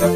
Música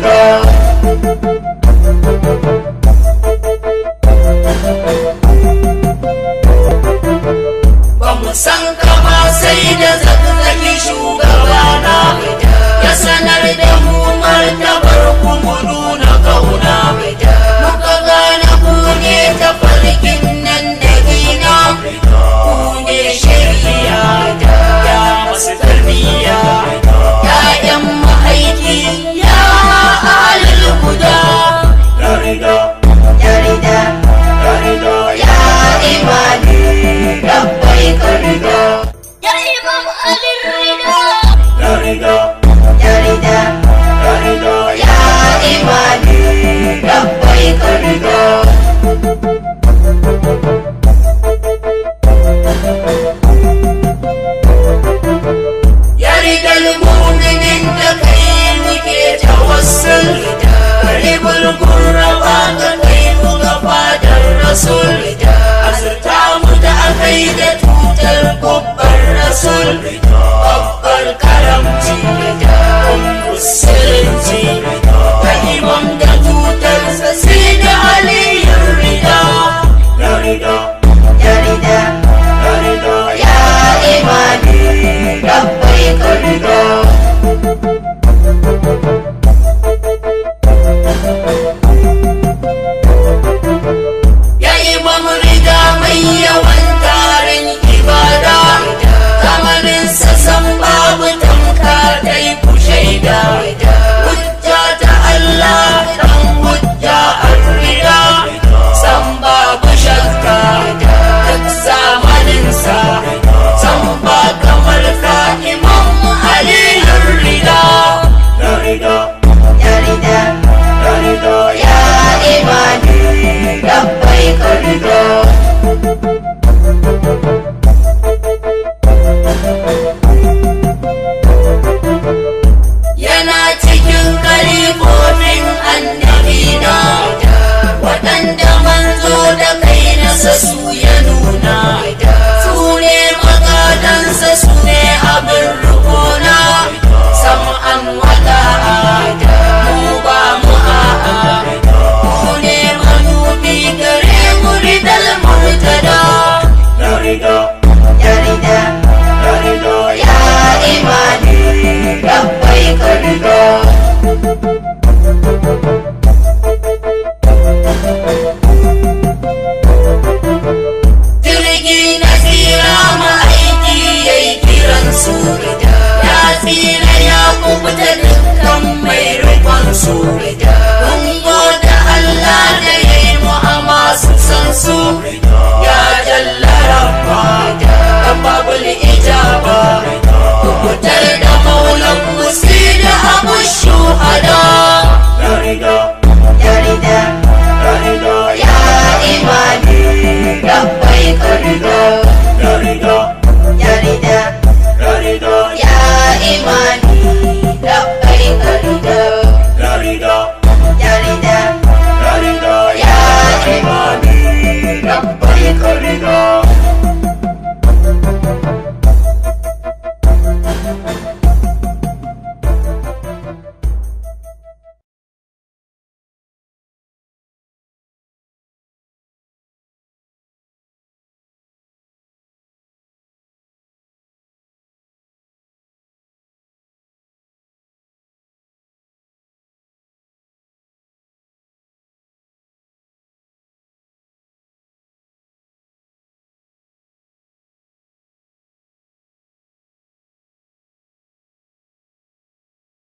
go.